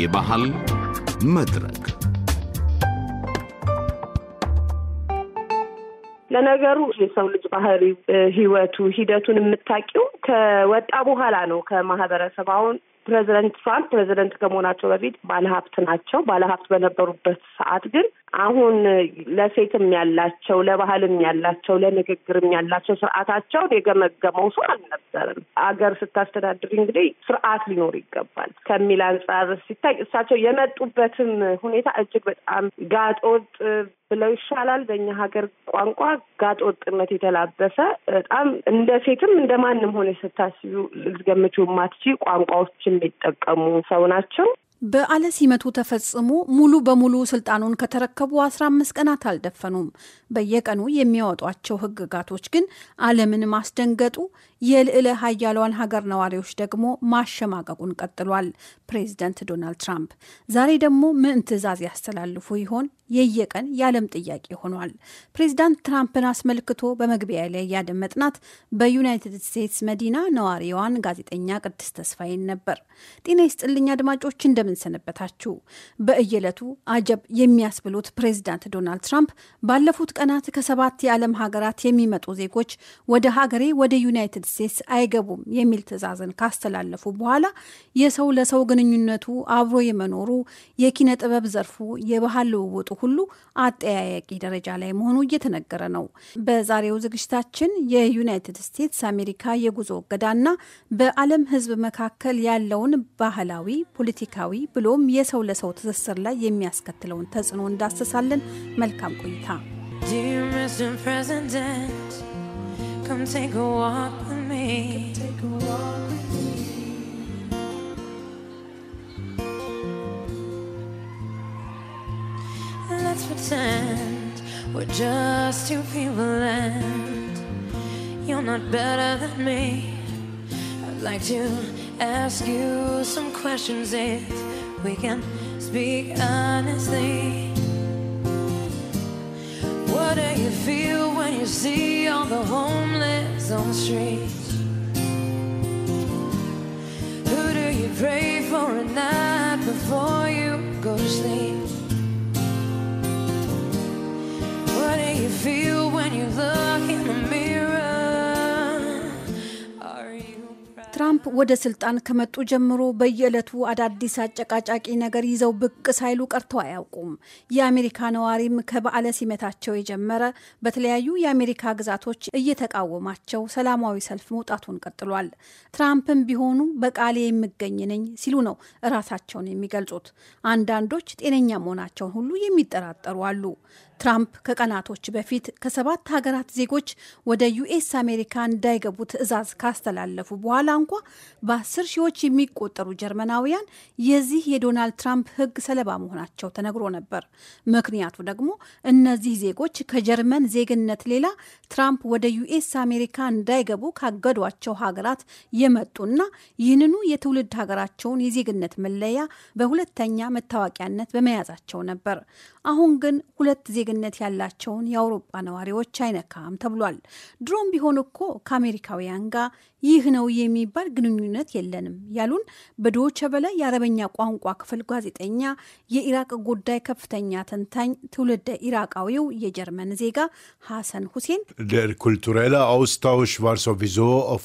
የባህል መድረክ ለነገሩ የሰው ልጅ ባህሪ ህይወቱ፣ ሂደቱን የምታውቂው ከወጣ በኋላ ነው ከማህበረሰብ አሁን ፕሬዚደንት ትራምፕ ፕሬዚደንት ከመሆናቸው በፊት ባለሀብት ናቸው። ባለሀብት በነበሩበት ሰዓት ግን አሁን ለሴትም ያላቸው ለባህልም ያላቸው ለንግግርም ያላቸው ስርዓታቸውን የገመገመው ሰው አልነበረም። አገር ስታስተዳድር እንግዲህ ስርዓት ሊኖር ይገባል ከሚል አንጻር ሲታይ እሳቸው የመጡበትም ሁኔታ እጅግ በጣም ጋጦጥ። ብለው ይሻላል። በእኛ ሀገር ቋንቋ ጋጥ ወጥነት የተላበሰ በጣም እንደ ሴትም እንደ ማንም ሆነ ስታስቢው ልትገምቹ የማትችይ ቋንቋዎች የሚጠቀሙ ሰው ናቸው። በዓለ ሲመቱ ተፈጽሞ ሙሉ በሙሉ ስልጣኑን ከተረከቡ አስራ አምስት ቀናት አልደፈኑም። በየቀኑ የሚያወጧቸው ጋቶች ግን ዓለምን ማስደንገጡ የልዕለ ሀያሏን ሀገር ነዋሪዎች ደግሞ ማሸማቀቁን ቀጥሏል። ፕሬዚደንት ዶናልድ ትራምፕ ዛሬ ደግሞ ምን ትዕዛዝ ያስተላልፉ ይሆን የየቀን የዓለም ጥያቄ ሆኗል። ፕሬዚዳንት ትራምፕን አስመልክቶ በመግቢያ ላይ ያደመጥናት በዩናይትድ ስቴትስ መዲና ነዋሪዋን ጋዜጠኛ ቅድስ ተስፋዬን ነበር። ጤና ይስጥልኝ አድማጮች፣ እንደምንሰነበታችሁ። በእየለቱ አጀብ የሚያስብሉት ፕሬዚዳንት ዶናልድ ትራምፕ ባለፉት ቀናት ከሰባት የዓለም ሀገራት የሚመጡ ዜጎች ወደ ሀገሬ ወደ ዩናይትድ ስቴትስ አይገቡም የሚል ትዕዛዝን ካስተላለፉ በኋላ የሰው ለሰው ግንኙነቱ አብሮ የመኖሩ የኪነ ጥበብ ዘርፉ የባህል ልውውጡ ሁሉ አጠያያቂ ደረጃ ላይ መሆኑ እየተነገረ ነው። በዛሬው ዝግጅታችን የዩናይትድ ስቴትስ አሜሪካ የጉዞ እገዳና በዓለም ሕዝብ መካከል ያለውን ባህላዊ፣ ፖለቲካዊ ብሎም የሰው ለሰው ትስስር ላይ የሚያስከትለውን ተጽዕኖ እንዳሰሳለን መልካም ቆይታ። Come take a walk with me. Come take a walk. let's pretend we're just two people and you're not better than me. I'd like to ask you some questions if we can speak honestly. What do you feel when you see all the homeless on the streets? Who do you pray for at night before you go to sleep? ትራምፕ ወደ ስልጣን ከመጡ ጀምሮ በየዕለቱ አዳዲስ አጨቃጫቂ ነገር ይዘው ብቅ ሳይሉ ቀርተው አያውቁም። የአሜሪካ ነዋሪም ከበዓለ ሲመታቸው የጀመረ በተለያዩ የአሜሪካ ግዛቶች እየተቃወማቸው ሰላማዊ ሰልፍ መውጣቱን ቀጥሏል። ትራምፕም ቢሆኑ በቃሌ የምገኝ ነኝ ሲሉ ነው እራሳቸውን የሚገልጹት። አንዳንዶች ጤነኛ መሆናቸውን ሁሉ የሚጠራጠሩ አሉ። ትራምፕ ከቀናቶች በፊት ከሰባት ሀገራት ዜጎች ወደ ዩኤስ አሜሪካ እንዳይገቡ ትዕዛዝ ካስተላለፉ በኋላ እንኳ በአስር ሺዎች የሚቆጠሩ ጀርመናውያን የዚህ የዶናልድ ትራምፕ ሕግ ሰለባ መሆናቸው ተነግሮ ነበር። ምክንያቱ ደግሞ እነዚህ ዜጎች ከጀርመን ዜግነት ሌላ ትራምፕ ወደ ዩኤስ አሜሪካ እንዳይገቡ ካገዷቸው ሀገራት የመጡና ይህንኑ የትውልድ ሀገራቸውን የዜግነት መለያ በሁለተኛ መታወቂያነት በመያዛቸው ነበር። አሁን ግን ሁለት ዜግነት ያላቸውን የአውሮፓ ነዋሪዎች አይነካም ተብሏል። ድሮም ቢሆን እኮ ከአሜሪካውያን ጋር ይህ ነው የሚባል ግንኙነት የለንም ያሉን በዶቼ ቬለ የአረበኛ ቋንቋ ክፍል ጋዜጠኛ፣ የኢራቅ ጉዳይ ከፍተኛ ተንታኝ ትውልደ ኢራቃዊው የጀርመን ዜጋ ሐሰን ሁሴን ኩልቱሬላ አውስታውሽ ቫርሶቪዞ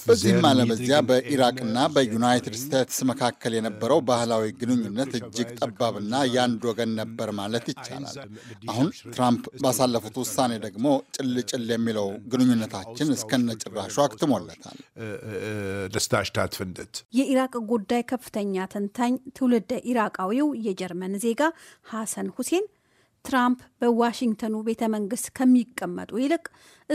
በዚህም አለበዚያ በኢራቅና በዩናይትድ ስቴትስ መካከል የነበረው ባህላዊ ግንኙነት እጅግ ጠባብና የአንድ ወገን ነበር ማለት ይቻላል። አሁን ትራምፕ ባሳለፉት ውሳኔ ደግሞ ጭልጭል የሚለው ግንኙነታችን እስከነ ጭራሹ አክትሞለታል። የኢራቅ ጉዳይ ከፍተኛ ተንታኝ ትውልደ ኢራቃዊው የጀርመን ዜጋ ሐሰን ሁሴን ትራምፕ በዋሽንግተኑ ቤተ መንግስት ከሚቀመጡ ይልቅ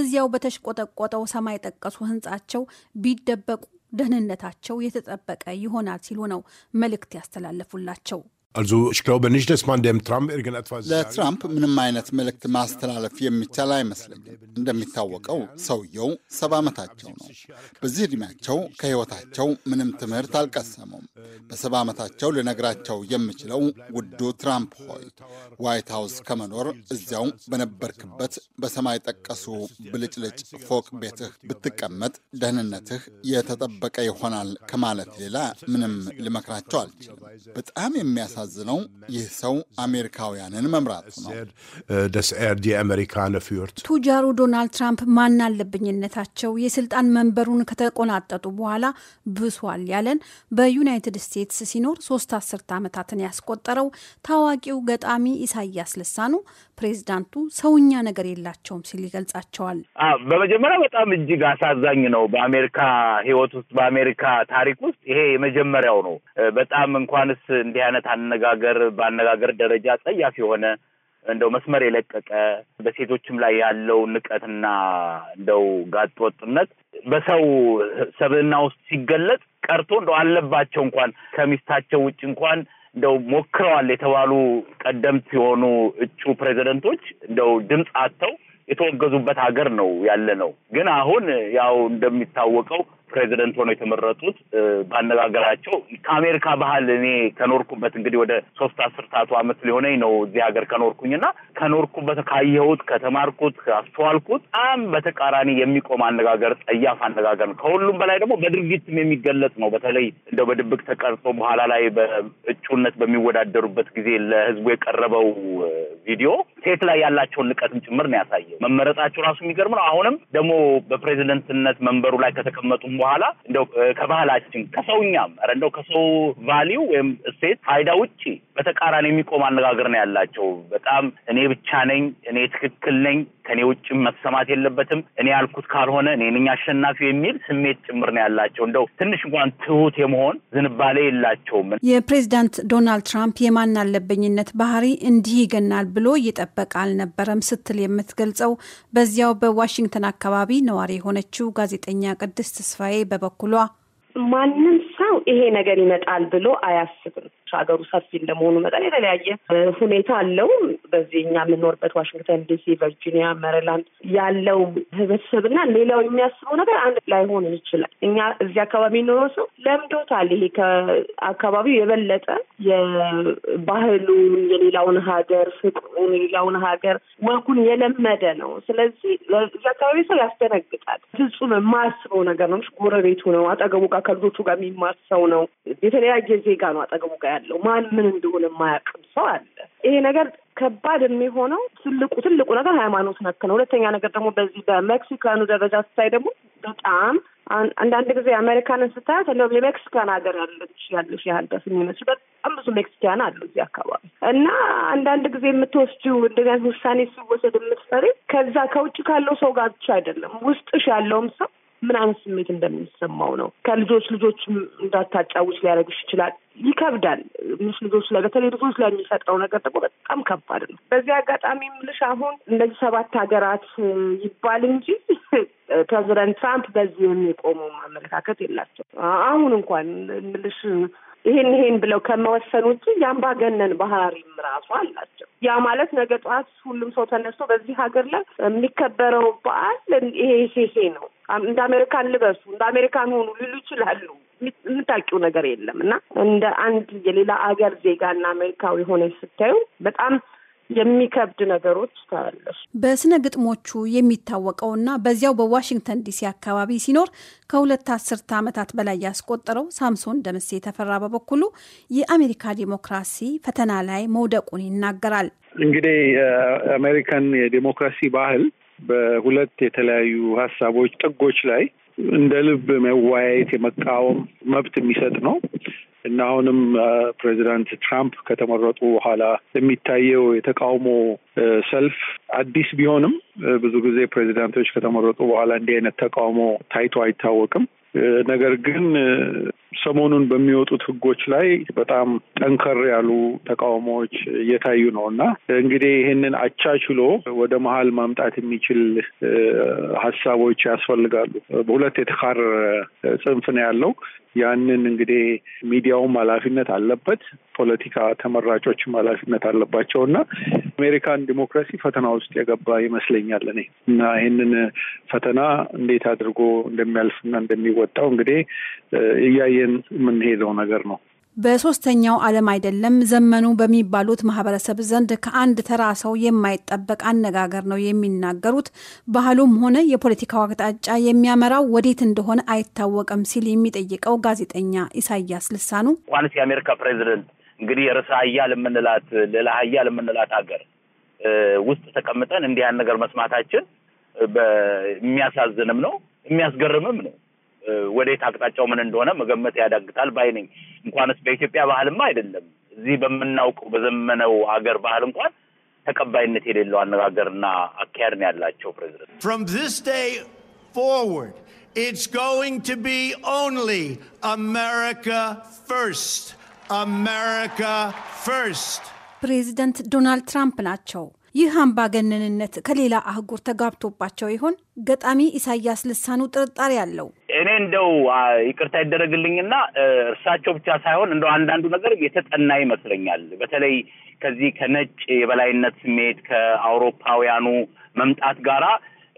እዚያው በተሽቆጠቆጠው ሰማይ ጠቀሱ ህንጻቸው ቢደበቁ ደህንነታቸው የተጠበቀ ይሆናል ሲሉ ነው መልእክት ያስተላለፉላቸው። Also ich glaube nicht, dass man dem Trump irgendetwas. ለትራምፕ ምንም አይነት መልእክት ማስተላለፍ የሚቻል አይመስለኝም። እንደሚታወቀው ሰውየው ሰባ ዓመታቸው ነው። በዚህ ዕድሜያቸው ከሕይወታቸው ምንም ትምህርት አልቀሰሙም። በሰባ ዓመታቸው ልነግራቸው የምችለው ውዱ ትራምፕ ሆይ ዋይት ሀውስ ከመኖር እዚያው በነበርክበት በሰማይ ጠቀሱ ብልጭልጭ ፎቅ ቤትህ ብትቀመጥ ደህንነትህ የተጠበቀ ይሆናል ከማለት ሌላ ምንም ልመክራቸው አልችልም። በጣም የሚያሳ የሚያሳዝነው ይህ ሰው አሜሪካውያንን መምራቱ ነው። ቱጃሩ ዶናልድ ትራምፕ ማናለብኝነታቸው የስልጣን መንበሩን ከተቆናጠጡ በኋላ ብሷል ያለን በዩናይትድ ስቴትስ ሲኖር ሶስት አስርት ዓመታትን ያስቆጠረው ታዋቂው ገጣሚ ኢሳያስ ልሳኑ ፕሬዚዳንቱ ሰውኛ ነገር የላቸውም ሲል ይገልጻቸዋል። በመጀመሪያ በጣም እጅግ አሳዛኝ ነው። በአሜሪካ ሕይወት ውስጥ በአሜሪካ ታሪክ ውስጥ ይሄ የመጀመሪያው ነው። በጣም እንኳንስ እንዲህ አይነት አነጋገር በአነጋገር ደረጃ ጸያፍ የሆነ እንደው መስመር የለቀቀ በሴቶችም ላይ ያለው ንቀትና እንደው ጋጥወጥነት በሰው ሰብዕና ውስጥ ሲገለጽ ቀርቶ እንደው አለባቸው እንኳን ከሚስታቸው ውጭ እንኳን እንደው ሞክረዋል የተባሉ ቀደምት የሆኑ እጩ ፕሬዚደንቶች እንደው ድምፅ አጥተው የተወገዙበት ሀገር ነው ያለ ነው። ግን አሁን ያው እንደሚታወቀው ፕሬዚደንት ሆነው የተመረጡት ባነጋገራቸው ከአሜሪካ ባህል እኔ ከኖርኩበት እንግዲህ ወደ ሶስት አስርታቱ ዓመት ሊሆነኝ ነው እዚህ ሀገር ከኖርኩኝና ከኖርኩበት ካየሁት፣ ከተማርኩት፣ ካስተዋልኩት በጣም በተቃራኒ የሚቆም አነጋገር፣ ጸያፍ አነጋገር ነው። ከሁሉም በላይ ደግሞ በድርጊትም የሚገለጽ ነው። በተለይ እንደው በድብቅ ተቀርጾ በኋላ ላይ በእጩነት በሚወዳደሩበት ጊዜ ለህዝቡ የቀረበው ቪዲዮ ሴት ላይ ያላቸውን ንቀትም ጭምር ነው ያሳየው። መመረጣቸው ራሱ የሚገርም ነው። አሁንም ደግሞ በፕሬዚደንትነት መንበሩ ላይ ከተቀመጡ በኋላ እንደው ከባህላችን ከሰውኛም ኧረ እንደው ከሰው ቫሊው ወይም እሴት ፋይዳ ውጭ በተቃራኒ የሚቆም አነጋገር ነው ያላቸው። በጣም እኔ ብቻ ነኝ፣ እኔ ትክክል ነኝ ከኔ ውጭም መሰማት የለበትም፣ እኔ ያልኩት ካልሆነ እኔ ነኝ የሚል ስሜት ጭምር ነው ያላቸው። እንደው ትንሽ እንኳን ትሁት የመሆን ዝንባሌ የላቸውም። የፕሬዚዳንት ዶናልድ ትራምፕ የማን አለብኝነት ባህሪ እንዲህ ይገናል ብሎ እየጠበቀ አልነበረም ስትል የምትገልጸው በዚያው በዋሽንግተን አካባቢ ነዋሪ የሆነችው ጋዜጠኛ ቅድስት ተስፋዬ በበኩሏ ማንም ሰው ይሄ ነገር ይመጣል ብሎ አያስብም። ሀገሩ ሰፊ እንደመሆኑ መጠን የተለያየ ሁኔታ አለው። በዚህ እኛ የምንኖርበት ዋሽንግተን ዲሲ፣ ቨርጂኒያ፣ መሪላንድ ያለው ህብረተሰብና ሌላው የሚያስበው ነገር አንድ ላይሆን ይችላል። እኛ እዚህ አካባቢ የሚኖረው ሰው ለምዶታል። ይሄ ከአካባቢው የበለጠ የባህሉን የሌላውን ሀገር ፍቅሩን የሌላውን ሀገር ወጉን የለመደ ነው። ስለዚህ እዚህ አካባቢ ሰው ያስደነግጣል። ፍጹም የማያስበው ነገር ነው። ጎረቤቱ ነው አጠገቡ ጋር ከልጆቹ ጋር የሚማ የሚያውቃት ሰው ነው። የተለያየ ዜጋ ነው አጠገቡ ጋር ያለው ማን ምን እንደሆነ የማያውቅም ሰው አለ። ይሄ ነገር ከባድ የሚሆነው ትልቁ ትልቁ ነገር ሃይማኖት ነክ ነው። ሁለተኛ ነገር ደግሞ በዚህ በሜክሲካኑ ደረጃ ስታይ ደግሞ በጣም አንዳንድ ጊዜ አሜሪካንን ስታያት እንደውም የሜክሲካን ሀገር ያለች ያለሽ ያህል የሚመስሉ በጣም ብዙ ሜክሲካን አሉ እዚህ አካባቢ እና አንዳንድ ጊዜ የምትወስጂው እንደዚህ ውሳኔ ሲወሰድ የምትፈሪ ከዛ ከውጭ ካለው ሰው ጋር ብቻ አይደለም ውስጥሽ ያለውም ሰው ምን አይነት ስሜት እንደሚሰማው ነው። ከልጆች ልጆች እንዳታጫውች ሊያደርግሽ ይችላል። ይከብዳል። ምስ ልጆች ላይ በተለይ ልጆች ላይ የሚፈጥረው ነገር ደግሞ በጣም ከባድ ነው። በዚህ አጋጣሚ ምልሽ አሁን እነዚህ ሰባት ሀገራት ይባል እንጂ ፕሬዚደንት ትራምፕ በዚህ የሚቆመው አመለካከት የላቸው። አሁን እንኳን ምልሽ ይሄን ይሄን ብለው ከመወሰን ውጭ የአምባገነን ባህሪም ራሱ አላቸው። ያ ማለት ነገ ጠዋት ሁሉም ሰው ተነስቶ በዚህ ሀገር ላይ የሚከበረው በዓል ይሄ ይሄ ነው፣ እንደ አሜሪካን ልበሱ፣ እንደ አሜሪካን ሆኑ ሊሉ ይችላሉ። የምታውቂው ነገር የለም እና እንደ አንድ የሌላ አገር ዜጋ እና አሜሪካዊ ሆነች ስታዩ በጣም የሚከብድ ነገሮች ታያለሽ። በስነ ግጥሞቹ የሚታወቀውና በዚያው በዋሽንግተን ዲሲ አካባቢ ሲኖር ከሁለት አስርተ ዓመታት በላይ ያስቆጠረው ሳምሶን ደምሴ የተፈራ በበኩሉ የአሜሪካ ዲሞክራሲ ፈተና ላይ መውደቁን ይናገራል። እንግዲህ የአሜሪካን የዲሞክራሲ ባህል በሁለት የተለያዩ ሀሳቦች ጥጎች ላይ እንደ ልብ መወያየት የመቃወም መብት የሚሰጥ ነው። እና አሁንም ፕሬዚዳንት ትራምፕ ከተመረጡ በኋላ የሚታየው የተቃውሞ ሰልፍ አዲስ ቢሆንም ብዙ ጊዜ ፕሬዚዳንቶች ከተመረጡ በኋላ እንዲህ አይነት ተቃውሞ ታይቶ አይታወቅም። ነገር ግን ሰሞኑን በሚወጡት ህጎች ላይ በጣም ጠንከር ያሉ ተቃውሞዎች እየታዩ ነው እና እንግዲህ ይህንን አቻችሎ ወደ መሀል ማምጣት የሚችል ሀሳቦች ያስፈልጋሉ። በሁለት የተካረረ ጽንፍ ነው ያለው። ያንን እንግዲህ ሚዲያውም ኃላፊነት አለበት፣ ፖለቲካ ተመራጮችም ኃላፊነት አለባቸው እና አሜሪካን ዲሞክራሲ ፈተና ውስጥ የገባ ይመስለኛል እኔ እና ይህንን ፈተና እንዴት አድርጎ እንደሚያልፍና እንደሚወጣው እንግዲህ እያየ የምንሄደው ነገር ነው። በሶስተኛው ዓለም አይደለም ዘመኑ በሚባሉት ማህበረሰብ ዘንድ ከአንድ ተራ ሰው የማይጠበቅ አነጋገር ነው የሚናገሩት። ባህሉም ሆነ የፖለቲካው አቅጣጫ የሚያመራው ወዴት እንደሆነ አይታወቅም ሲል የሚጠይቀው ጋዜጠኛ ኢሳያስ ልሳኑ እንኳንስ የአሜሪካ ፕሬዚደንት እንግዲህ ርዕሰ ሀያል የምንላት ሌላ ሀያል የምንላት ሀገር ውስጥ ተቀምጠን እንዲህ ያን ነገር መስማታችን የሚያሳዝንም ነው የሚያስገርምም ነው። ወዴት አቅጣጫው ምን እንደሆነ መገመት ያዳግታል ባይ ነኝ። እንኳንስ በኢትዮጵያ ባህልማ አይደለም እዚህ በምናውቀው በዘመነው አገር ባህል እንኳን ተቀባይነት የሌለው አነጋገርና አካሄድ ነው ያላቸው ፕሬዚደንት from this day forward it's going to be only America first America first ፕሬዚደንት ዶናልድ ትራምፕ ናቸው። ይህ አምባገነንነት ከሌላ አህጉር ተጋብቶባቸው ይሆን? ገጣሚ ኢሳያስ ልሳኑ ጥርጣሬ አለው። እኔ እንደው ይቅርታ ይደረግልኝና እርሳቸው ብቻ ሳይሆን እንደው አንዳንዱ ነገር የተጠና ይመስለኛል። በተለይ ከዚህ ከነጭ የበላይነት ስሜት ከአውሮፓውያኑ መምጣት ጋራ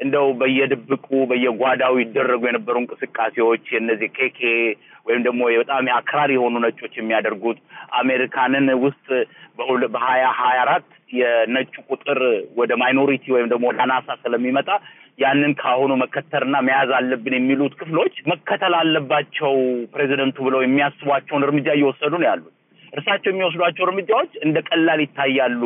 እንደው በየድብቁ በየጓዳው ይደረጉ የነበሩ እንቅስቃሴዎች የነዚህ ኬኬ ወይም ደግሞ በጣም አክራሪ የሆኑ ነጮች የሚያደርጉት አሜሪካንን ውስጥ በሀያ ሀያ አራት የነጩ ቁጥር ወደ ማይኖሪቲ ወይም ደግሞ ወደ አናሳ ስለሚመጣ ያንን ከአሁኑ መከተርና መያዝ አለብን የሚሉት ክፍሎች መከተል አለባቸው ፕሬዚደንቱ ብለው የሚያስቧቸውን እርምጃ እየወሰዱ ነው ያሉት። እርሳቸው የሚወስዷቸው እርምጃዎች እንደ ቀላል ይታያሉ።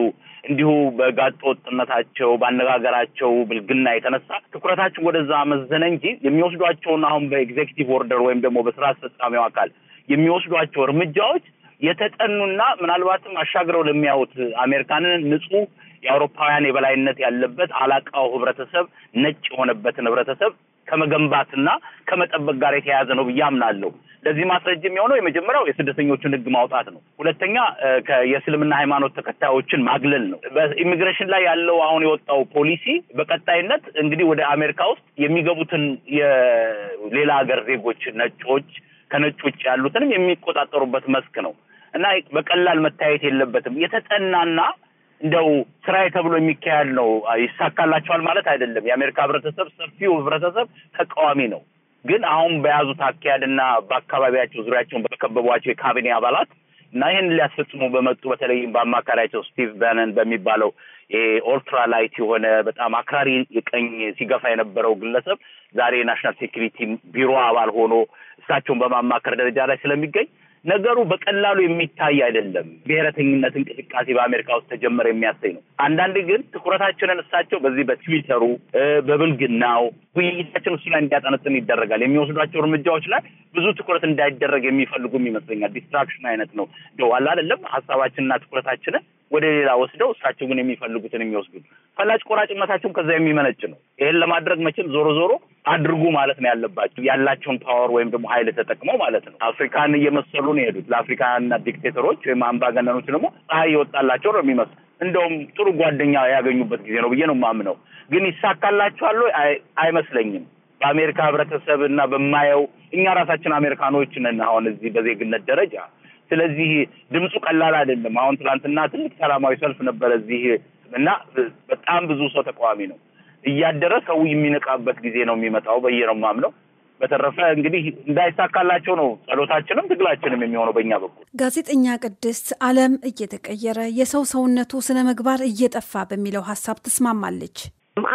እንዲሁ በጋጠ ወጥነታቸው፣ በአነጋገራቸው ብልግና የተነሳ ትኩረታችን ወደዛ መዘነ እንጂ የሚወስዷቸውን አሁን በኤግዜክቲቭ ኦርደር ወይም ደግሞ በስራ አስፈጻሚው አካል የሚወስዷቸው እርምጃዎች የተጠኑና ምናልባትም አሻግረው ለሚያዩት አሜሪካንን ንጹህ የአውሮፓውያን የበላይነት ያለበት አላቃው ህብረተሰብ ነጭ የሆነበትን ህብረተሰብ ከመገንባትና ከመጠበቅ ጋር የተያያዘ ነው ብዬ አምናለሁ። ለዚህ ማስረጅ የሚሆነው የመጀመሪያው የስደተኞቹን ሕግ ማውጣት ነው። ሁለተኛ የእስልምና ሃይማኖት ተከታዮችን ማግለል ነው። በኢሚግሬሽን ላይ ያለው አሁን የወጣው ፖሊሲ በቀጣይነት እንግዲህ ወደ አሜሪካ ውስጥ የሚገቡትን የሌላ ሀገር ዜጎች ነጮች፣ ከነጭ ውጭ ያሉትንም የሚቆጣጠሩበት መስክ ነው እና በቀላል መታየት የለበትም የተጠናና እንደው ስራዬ ተብሎ የሚካሄድ ነው። ይሳካላቸዋል ማለት አይደለም። የአሜሪካ ህብረተሰብ፣ ሰፊው ህብረተሰብ ተቃዋሚ ነው። ግን አሁን በያዙት አካሄድና በአካባቢያቸው ዙሪያቸውን በከበቧቸው የካቢኔ አባላት እና ይህን ሊያስፈጽሙ በመጡ በተለይም በአማካሪያቸው ስቲቭ በነን በሚባለው የኦልትራ ላይት የሆነ በጣም አክራሪ የቀኝ ሲገፋ የነበረው ግለሰብ ዛሬ የናሽናል ሴኪሪቲ ቢሮ አባል ሆኖ እሳቸውን በማማከር ደረጃ ላይ ስለሚገኝ ነገሩ በቀላሉ የሚታይ አይደለም። ብሔረተኝነት እንቅስቃሴ በአሜሪካ ውስጥ ተጀመረ የሚያሰኝ ነው። አንዳንድ ግን ትኩረታችንን እሳቸው በዚህ በትዊተሩ በብልግናው ውይይታችን እሱ ላይ እንዲያጠነጥን ይደረጋል። የሚወስዷቸው እርምጃዎች ላይ ብዙ ትኩረት እንዳይደረግ የሚፈልጉም ይመስለኛል። ዲስትራክሽን አይነት ነው ደዋላ አይደለም። ሀሳባችንና ትኩረታችንን ወደ ሌላ ወስደው እሳቸው ግን የሚፈልጉትን የሚወስዱ ፈላጭ ቆራጭነታቸውም ከዛ የሚመነጭ ነው። ይህን ለማድረግ መቼም ዞሮ ዞሮ አድርጉ ማለት ነው ያለባቸው ያላቸውን ፓወር ወይም ደግሞ ሀይል ተጠቅመው ማለት ነው። አፍሪካን እየመሰሉ ነው የሄዱት። ለአፍሪካና ዲክቴተሮች ወይም አምባገነኖች ደግሞ ፀሐይ የወጣላቸው ነው የሚመስሉ። እንደውም ጥሩ ጓደኛ ያገኙበት ጊዜ ነው ብዬ ነው የማምነው። ግን ይሳካላቸዋል አይመስለኝም። በአሜሪካ ህብረተሰብ እና በማየው እኛ ራሳችን አሜሪካኖች ነን አሁን እዚህ በዜግነት ደረጃ ስለዚህ ድምፁ ቀላል አይደለም። አሁን ትላንትና ትልቅ ሰላማዊ ሰልፍ ነበረ እዚህ እና በጣም ብዙ ሰው ተቃዋሚ ነው። እያደረ ሰው የሚነቃበት ጊዜ ነው የሚመጣው ብዬ ነው የማምነው። በተረፈ እንግዲህ እንዳይሳካላቸው ነው ጸሎታችንም ትግላችንም የሚሆነው በእኛ በኩል። ጋዜጠኛ ቅድስት ዓለም እየተቀየረ የሰው ሰውነቱ ስነ ምግባር እየጠፋ በሚለው ሀሳብ ትስማማለች።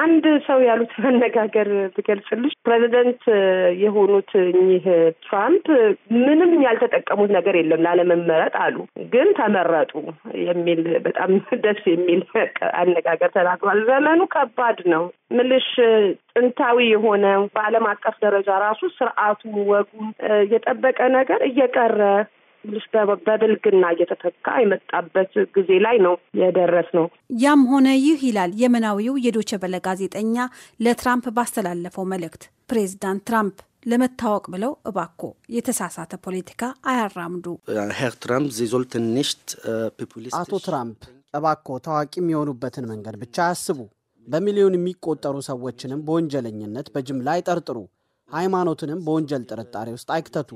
አንድ ሰው ያሉት መነጋገር ብገልጽልሽ ፕሬዚደንት የሆኑት እኚህ ትራምፕ ምንም ያልተጠቀሙት ነገር የለም ላለመመረጥ አሉ፣ ግን ተመረጡ የሚል በጣም ደስ የሚል አነጋገር ተናግሯል። ዘመኑ ከባድ ነው ምልሽ ጥንታዊ የሆነ በዓለም አቀፍ ደረጃ ራሱ ስርዓቱ ወጉ የጠበቀ ነገር እየቀረ ትንሽ በብልግና እየተተካ የመጣበት ጊዜ ላይ ነው የደረስ ነው። ያም ሆነ ይህ ይላል የመናዊው የዶቸበለ ጋዜጠኛ ለትራምፕ ባስተላለፈው መልእክት ፕሬዚዳንት ትራምፕ ለመታወቅ ብለው እባኮ የተሳሳተ ፖለቲካ አያራምዱ። አቶ ትራምፕ እባኮ ታዋቂ የሚሆኑበትን መንገድ ብቻ አያስቡ። በሚሊዮን የሚቆጠሩ ሰዎችንም በወንጀለኝነት በጅምላ አይጠርጥሩ። ሃይማኖትንም በወንጀል ጥርጣሬ ውስጥ አይክተቱ።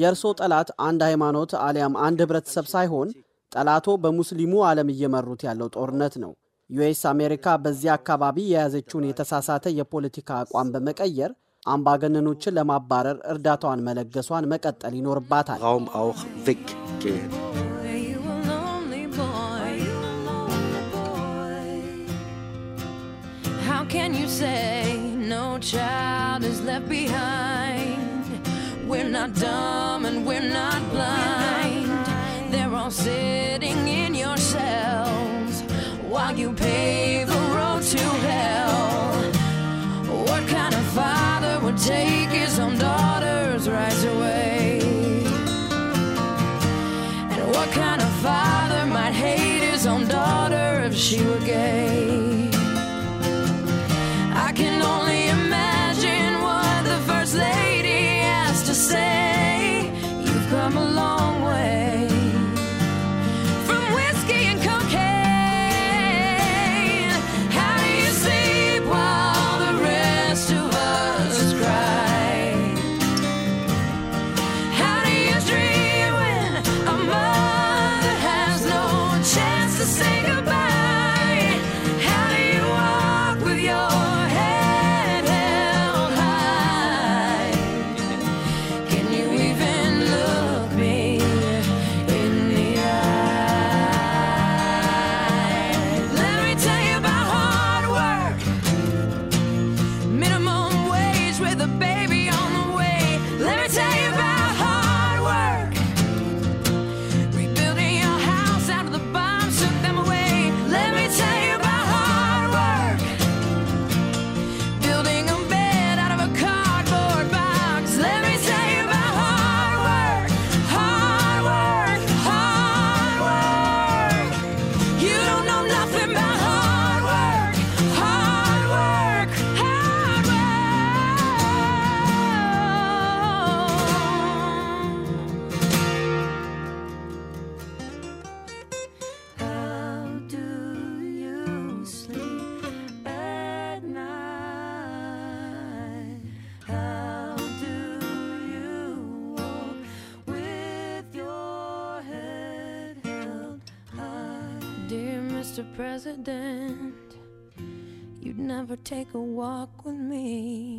የእርሶ ጠላት አንድ ሃይማኖት አሊያም አንድ ህብረተሰብ ሳይሆን ጠላቶ በሙስሊሙ ዓለም እየመሩት ያለው ጦርነት ነው። ዩኤስ አሜሪካ በዚህ አካባቢ የያዘችውን የተሳሳተ የፖለቲካ አቋም በመቀየር አምባገነኖችን ለማባረር እርዳታዋን መለገሷን መቀጠል ይኖርባታል። How can you say no child is left behind? not dumb and we're not blind. They're all sitting in your cells while you pave a road to hell. Mr. President, you'd never take a walk with me.